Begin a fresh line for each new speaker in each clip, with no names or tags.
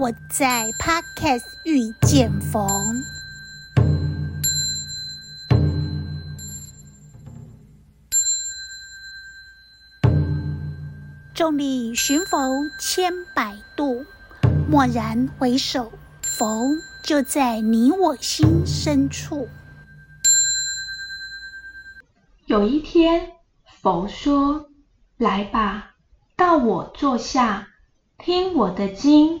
我在 Podcast 遇見佛。眾裡尋佛千百度，驀然回首，佛就在你我心深處。有一天，佛說：“來吧，到我坐下，聽我的經。”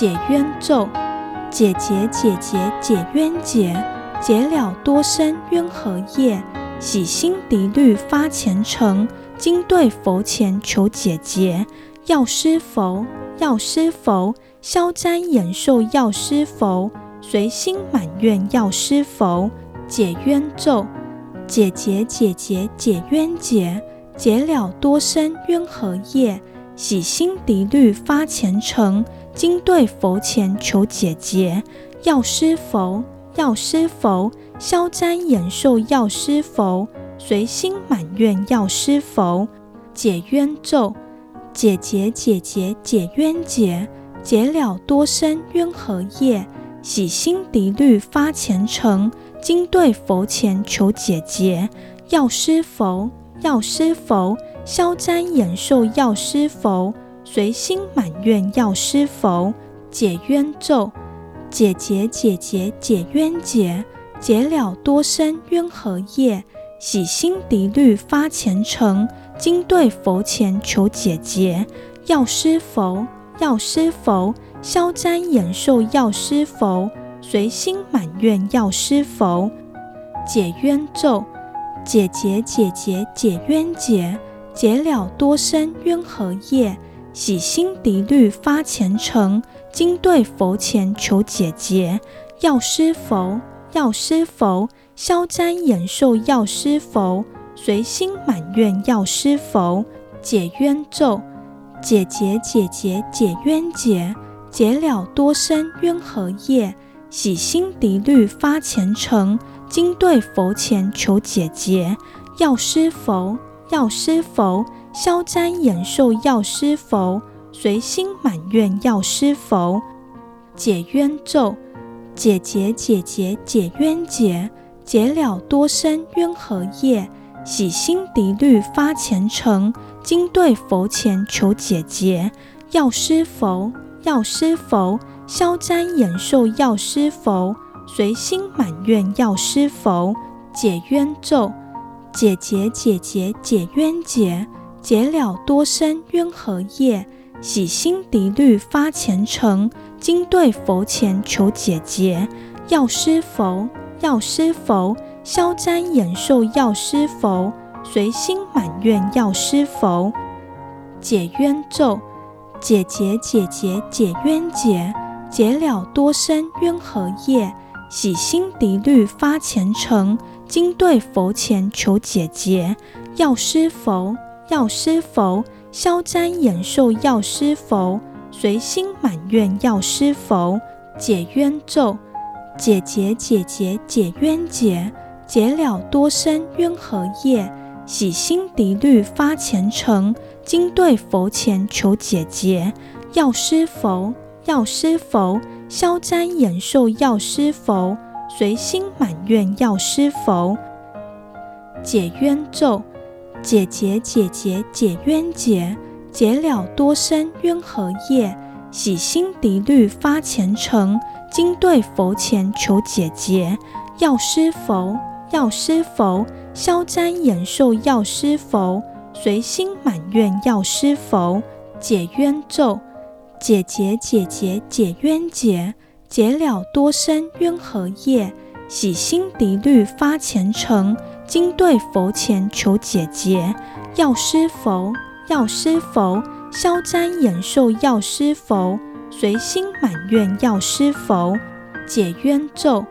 解冤咒，解結解結解冤結，解了多生冤和業，洗心滌慮發虔誠，今對佛前求解結。藥師佛，藥師佛，消災延壽藥師佛，隨心滿願藥師佛。解冤咒，解結解結解冤結，解了多生冤和業，洗心滌慮發虔誠。今對佛前求解結，藥師佛，藥師佛，消災延壽藥師佛，隨心滿願藥師佛，解冤咒，解結解結解冤結，解了多生冤和業，洗心滌慮發虔誠。今對佛前求解結，藥師佛，藥師佛，消災延壽藥師佛。隨心滿願，藥師佛。解冤咒。解結解結解冤結，解了多生冤和業。洗心滌慮發虔誠，今對佛前求解結。藥師佛，藥師佛，消災延壽藥師佛，隨心滿願藥師佛，解冤咒，解結解結解冤結，解了多生冤和業。洗心滌慮發虔誠，今對佛前求解結。藥師佛。藥師佛。消災延壽藥師佛。隨心滿願藥師佛。解冤咒，解結，解結，解冤結，解了多生冤和業。洗心滌慮發虔誠，今對佛前求解結。藥師佛。藥師佛。消災延壽，藥師佛；隨心滿願，藥師佛。解冤咒，解結，解結，解冤結，解了多生冤和業，洗心滌慮發虔誠。今對佛前求解結，藥師佛，藥師佛，消災延壽，藥師佛；隨心滿願，藥師佛。解冤咒，解結，解結，解冤結。解了多生冤和業，洗心滌慮發虔誠。今對佛前求解結，藥師佛，藥師佛，消災延壽藥師佛，隨心滿願藥師佛。解冤咒，解結，解結，解冤結，解了多生冤和業，洗心滌慮發虔誠。今對佛前求解結，藥師佛。藥師佛，消災延壽藥師佛，隨心滿願藥師佛，解冤咒，解結解結解冤結，解了多生冤和業，洗心滌慮發虔誠，今對佛前求解結。藥師佛，藥師佛，消災延壽藥師佛，隨心滿願藥師佛，解冤咒。解結，解結，解冤結，解了多生冤和業，洗心滌慮發虔誠，今對佛前求解結。藥師佛，藥師佛，消災延壽藥師佛，隨心滿願藥師佛。解冤咒，解結，解結，解冤結，解了多生冤和業，洗心滌慮發虔誠。今對佛前求解結，藥師佛，藥師佛，消災延壽藥師佛，隨心滿願藥師佛，解冤咒，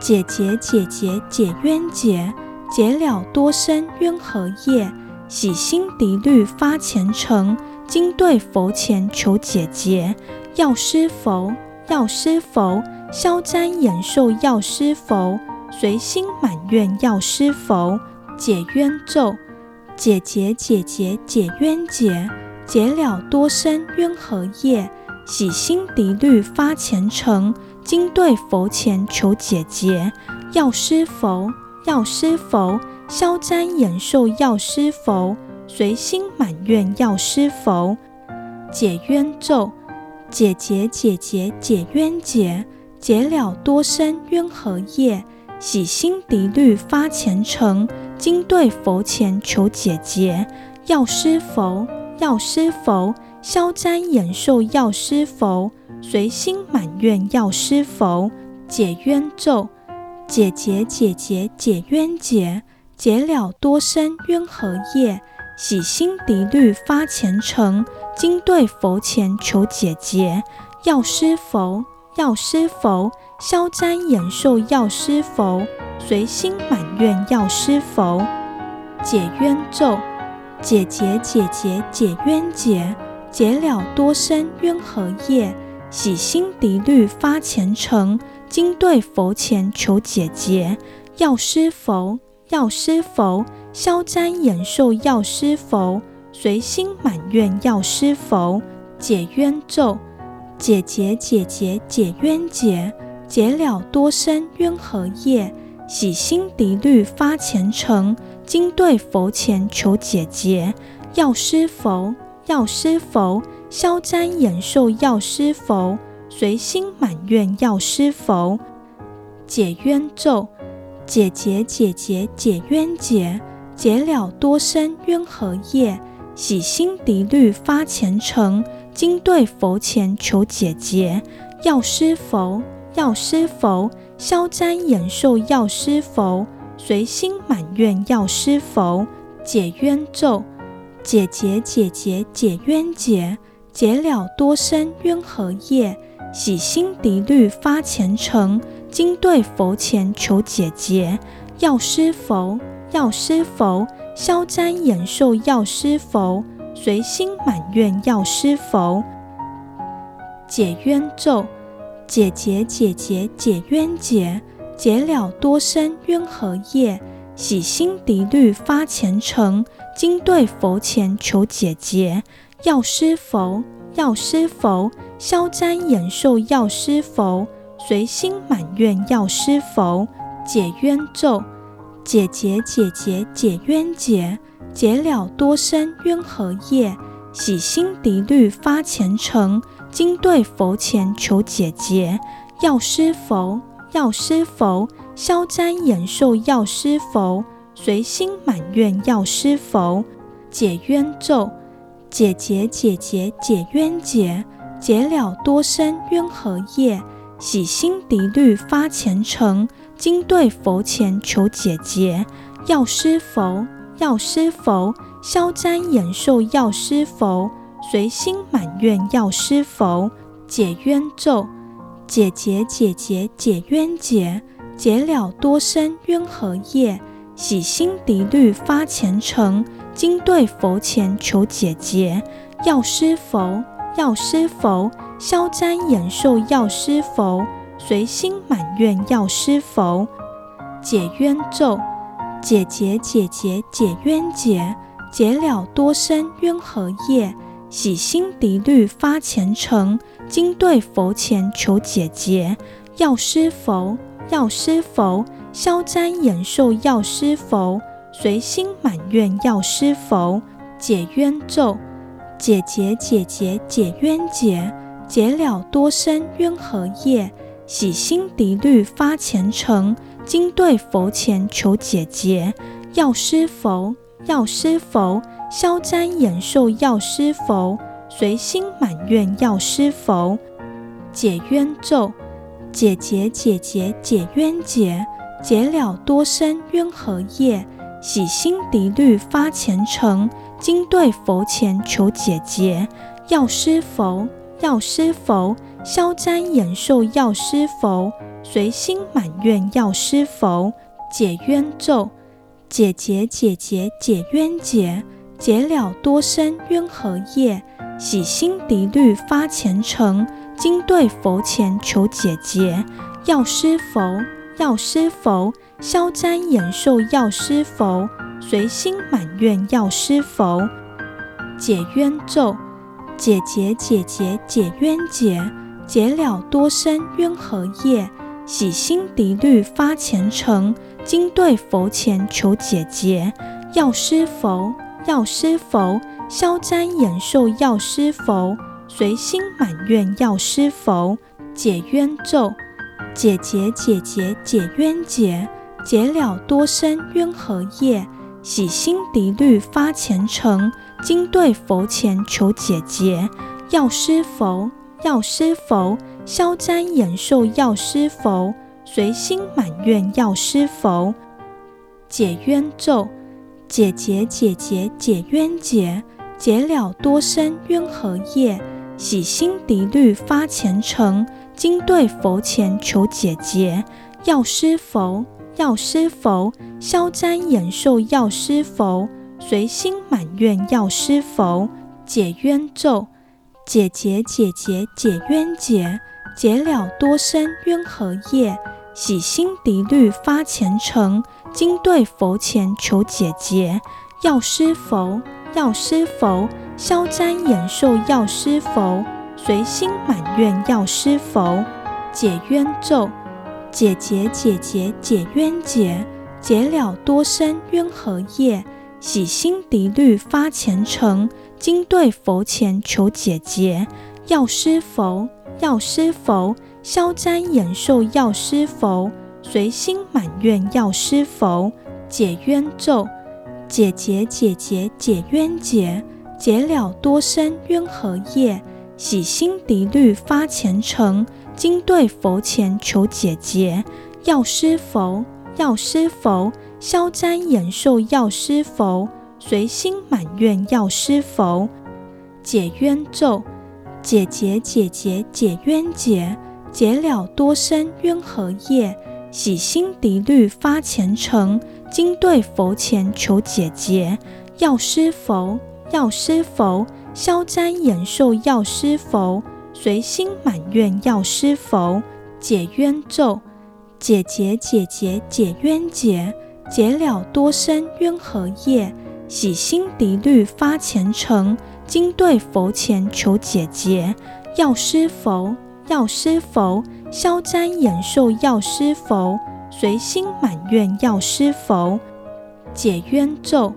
解結，解結，解冤結，解了多生冤和業，洗心滌慮發虔誠。今對佛前求解結，藥師佛，藥師佛，消災延壽藥師佛。隨心滿願藥師佛，解冤咒，解結解結解冤結，解了多生冤和業，洗心滌慮發虔誠，今對佛前求解結，藥師佛，藥師佛，消災延壽藥師佛，隨心滿願藥師佛，解冤咒，解結解結解冤結，解了多生冤和業，洗心滌慮發虔誠，今對佛前求解結，藥師佛，藥師佛，消災延壽藥師佛，隨心滿願藥師佛，解冤咒，解結解結解冤結，解了多生冤和業。洗心滌慮發虔誠，今對佛前求解結，藥師佛，藥師佛，藥師佛，消災延壽藥師佛，隨心滿願藥師佛。解冤咒，解結解結解冤結，解了多生冤和業。洗心滌慮發虔誠，今對佛前求解結。藥師佛，藥師佛。消災延壽藥師佛，隨心滿願藥師佛。解冤咒，解結解結解冤結，解了多生冤和業，洗心滌慮發虔誠。今對佛前求解結，藥師佛。藥師佛，消災延壽藥師佛。隨心滿願藥師佛。解冤咒，解結解結解冤結。解了多生冤和業，洗心滌慮發虔誠。今對佛前求解結，藥師佛，藥師佛，消災延壽藥師佛，隨心滿願藥師佛。解冤咒，解結，解結，解冤結，解了多生冤和業，洗心滌慮發虔誠。今對佛前求解結，藥師佛。藥師佛，消災延壽，藥師佛，隨心滿願，藥師佛，解冤咒，解結，解結，解冤結，解了多生冤和業，洗心滌慮發虔誠，今對佛前求解結。藥師佛，藥師佛，消災延壽，藥師佛，隨心滿願，藥師佛，解冤咒。姐姐姐姐姐解結解結解冤結，解了多生冤和業，洗心滌慮發虔誠，今對佛前求解結。藥師佛，藥師佛，消災延壽藥師佛，隨心滿願藥師佛。解冤咒，姐姐姐姐姐冤解結解結解冤結，解了多生冤和業，洗心滌慮發虔誠。今對佛前求解結，藥師佛，藥師佛，消災延壽藥師佛，隨心滿願藥師佛，解冤咒，解結解結解冤結，解了多生冤和業，洗心滌慮發虔誠，今對佛前求解結，藥師佛，藥師佛，消災延壽藥師佛。隨心滿願，藥師佛解冤咒，解結解結解冤結，解了多生冤和業。洗心滌慮發虔誠，今對佛前求解結。藥師佛，藥師佛，消災延壽藥師佛。隨心滿願，藥師佛解冤咒，解結解結解冤結，解了多生冤和業。洗心滌慮發虔誠，今對佛前求解結。藥師佛。藥師佛。消災延壽藥師佛。隨心滿願藥師佛。解冤咒，解結，解結，解冤結，解了多生冤和業。洗心滌慮發虔誠，今對佛前求解結。藥師佛。藥師佛，消災延壽藥師佛，隨心滿願藥師佛，解冤咒，解結解結解冤結，解了多生冤和業，洗心滌慮發虔誠，今對佛前求解結，藥師佛，藥師佛，消災延壽藥師佛，隨心滿願藥師佛，解冤咒。解結，解結，解冤結，解了多生冤和業，洗心滌慮發虔誠，今對佛前求解結。藥師佛。藥師佛。消災延壽藥師佛。隨心滿願藥師佛。解冤咒，解結，解結，解冤結，解了多生冤和業，洗心滌慮發虔誠。今對佛前求解結，藥師佛，藥師佛，消災延壽藥師佛，隨心滿願藥師佛，解冤咒，解結解結解冤結，解了多生冤和業，洗心滌慮發虔誠。今對佛前求解結，藥師佛，藥師佛，消災延壽藥師佛。隨心滿願，藥師佛。解冤咒，解結解結解冤結，解了多生冤和業，洗心滌慮發虔誠，今對佛前求解結，藥師佛，藥師佛，消災延壽藥師佛，隨心滿願藥師佛，解冤咒，解結解結解冤結，解了多生冤和業，洗心滌慮發虔誠，今對佛前求解結，藥師佛，藥師佛，消災延壽藥師佛，隨心滿願藥師佛，解冤咒，解結解結解冤結，解了多生冤和業，洗心滌慮發虔誠，今對佛前求解結。藥師佛，藥師佛，佛，消災延壽藥師佛，隨心滿願藥師佛，解冤咒，解結，解結，解冤結，解了多生冤和業。洗心滌慮發虔誠，今對佛前求解結。藥師佛，藥師佛。消災延壽，藥師佛；隨心滿願，藥師佛。解冤咒，解結，解結，解冤結，解了多生冤和業，洗心滌慮發虔誠，今對佛前求解結。藥師佛，藥師佛，佛；消災延壽，藥師佛；隨心滿願，藥師佛。解冤咒，解結，解結，解冤結。解了多生冤和業，洗心滌慮發虔誠。今對佛前求解結，藥師佛，藥師佛，消災延壽藥師佛，隨心滿願藥師佛。解冤咒，解結，解結，解冤結，解了多生冤和業，洗心滌慮發虔誠。今對佛前求解結，藥師佛。藥師佛，消災延壽藥師佛，隨心滿願藥師佛，解冤咒，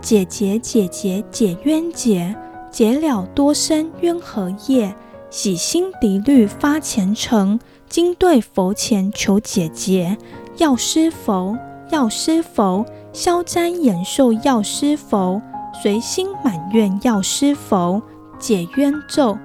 解結解結解冤結，解了多生冤和業，洗心滌慮發虔誠，今對佛前求解結。藥師佛，藥師佛，消災延壽藥師佛，隨心滿願藥師佛，解冤咒。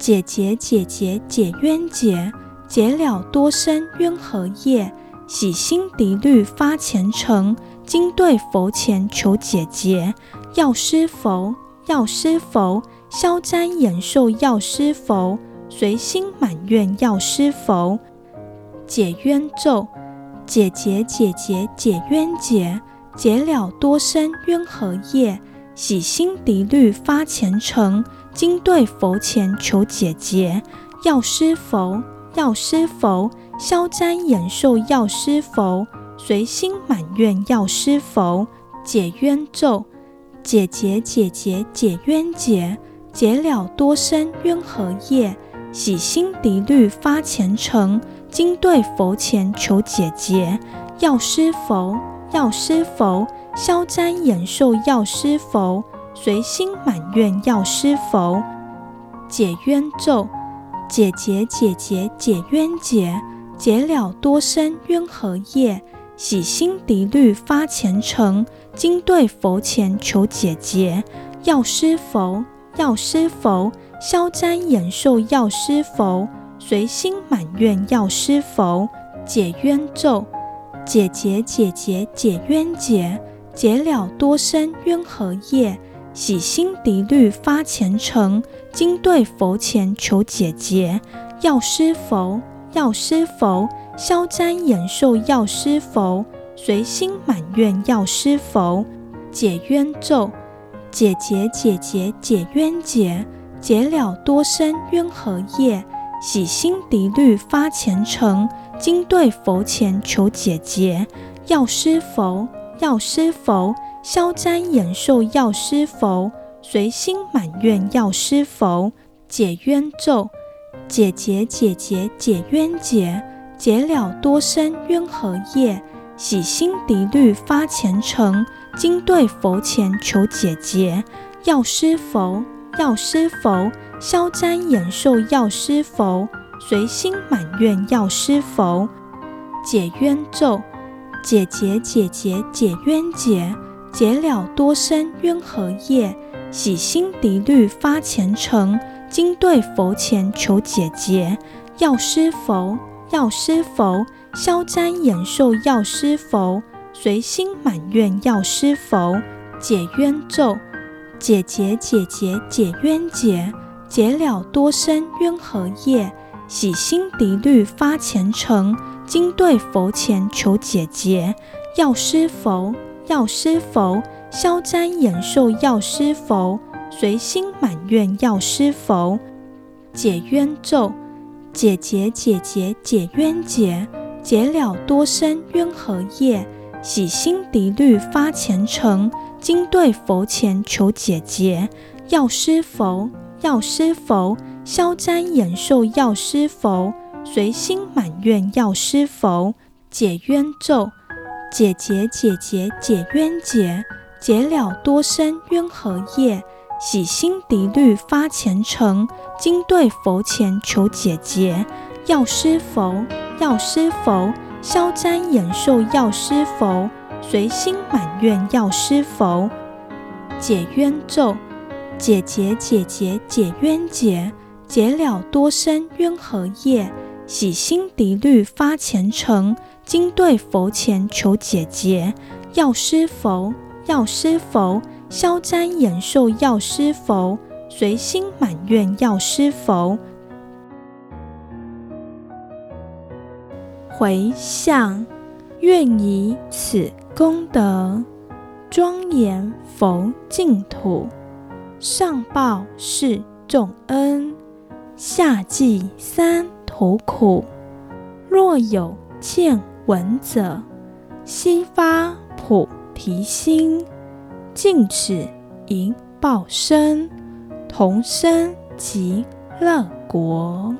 解結，解結，解冤結，解了多生冤和業，洗心滌慮發虔誠。今對佛前求解結，藥師佛，藥師佛，消災延壽藥師佛，隨心滿願藥師佛。解冤咒，解結，解結，解冤結，解了多生冤和業，洗心滌慮發虔誠。今對佛前求解結，藥師佛，藥師佛，消災延壽藥師佛，隨心滿願藥師佛，解冤咒，解結，解結，解冤結，解了多生冤和業，洗心滌慮發虔誠。今對佛前求解結，藥師佛，藥師佛，消災延壽藥師佛。隨心滿願，藥師佛解冤咒，解結解結解冤結，解了多生冤和業。洗心滌慮發虔誠，今對佛前求解結。藥師佛，藥師佛，藥師佛，消災延壽藥師佛。隨心滿願，藥師佛解冤咒，解結解結解冤結，解了多生冤和業。洗心滌慮發虔誠，今對佛前求解結。藥師佛，藥師佛，消災延壽藥師佛，隨心滿願藥師佛。解冤咒，解結，解結，解冤結，解了多生冤和業。洗心滌慮發虔誠，今對佛前求解結。藥師佛，藥師佛，消災延壽，藥師佛；隨心滿願，藥師佛。解冤咒，解結，解結，解冤結，解了多生冤和業。洗心滌慮，發虔誠。今對佛前求解結，藥師佛，藥師佛，佛。消災延壽，藥師佛；隨心滿願，藥師佛。解冤咒，解結，解結，解冤結。解了多生冤和業，洗心滌慮發虔誠，今對佛前求解結。藥師佛，藥師佛，消災延壽藥師佛，隨心滿願藥師佛。解冤咒，解結，解結，解冤結，解了多生冤和業，洗心滌慮發虔誠，今對佛前求解結。藥師佛。藥師佛，消災延壽藥師佛，隨心滿願藥師佛，解冤咒，解結解結解冤結，解了多生冤和業，洗心滌慮發虔誠，今對佛前求解結，藥師佛，藥師佛，消災延壽藥師佛，隨心滿願藥師佛，解冤咒。解結，解結，解冤結，解了多生冤和業，洗心滌慮發虔誠。今對佛前求解結，藥師佛，藥師佛，消災延壽藥師佛，隨心滿願藥師佛。解冤咒，解結，解結，解冤結，解了多生冤和業，洗心滌慮發虔誠。今對佛前求解結，藥師佛、藥師佛、消災延壽藥師佛、隨心滿願藥師佛。回向，願以此功德莊嚴佛淨土，上報四重恩，下濟三途苦。若有見聞者悉發菩提心，盡此一報身，同生極樂國。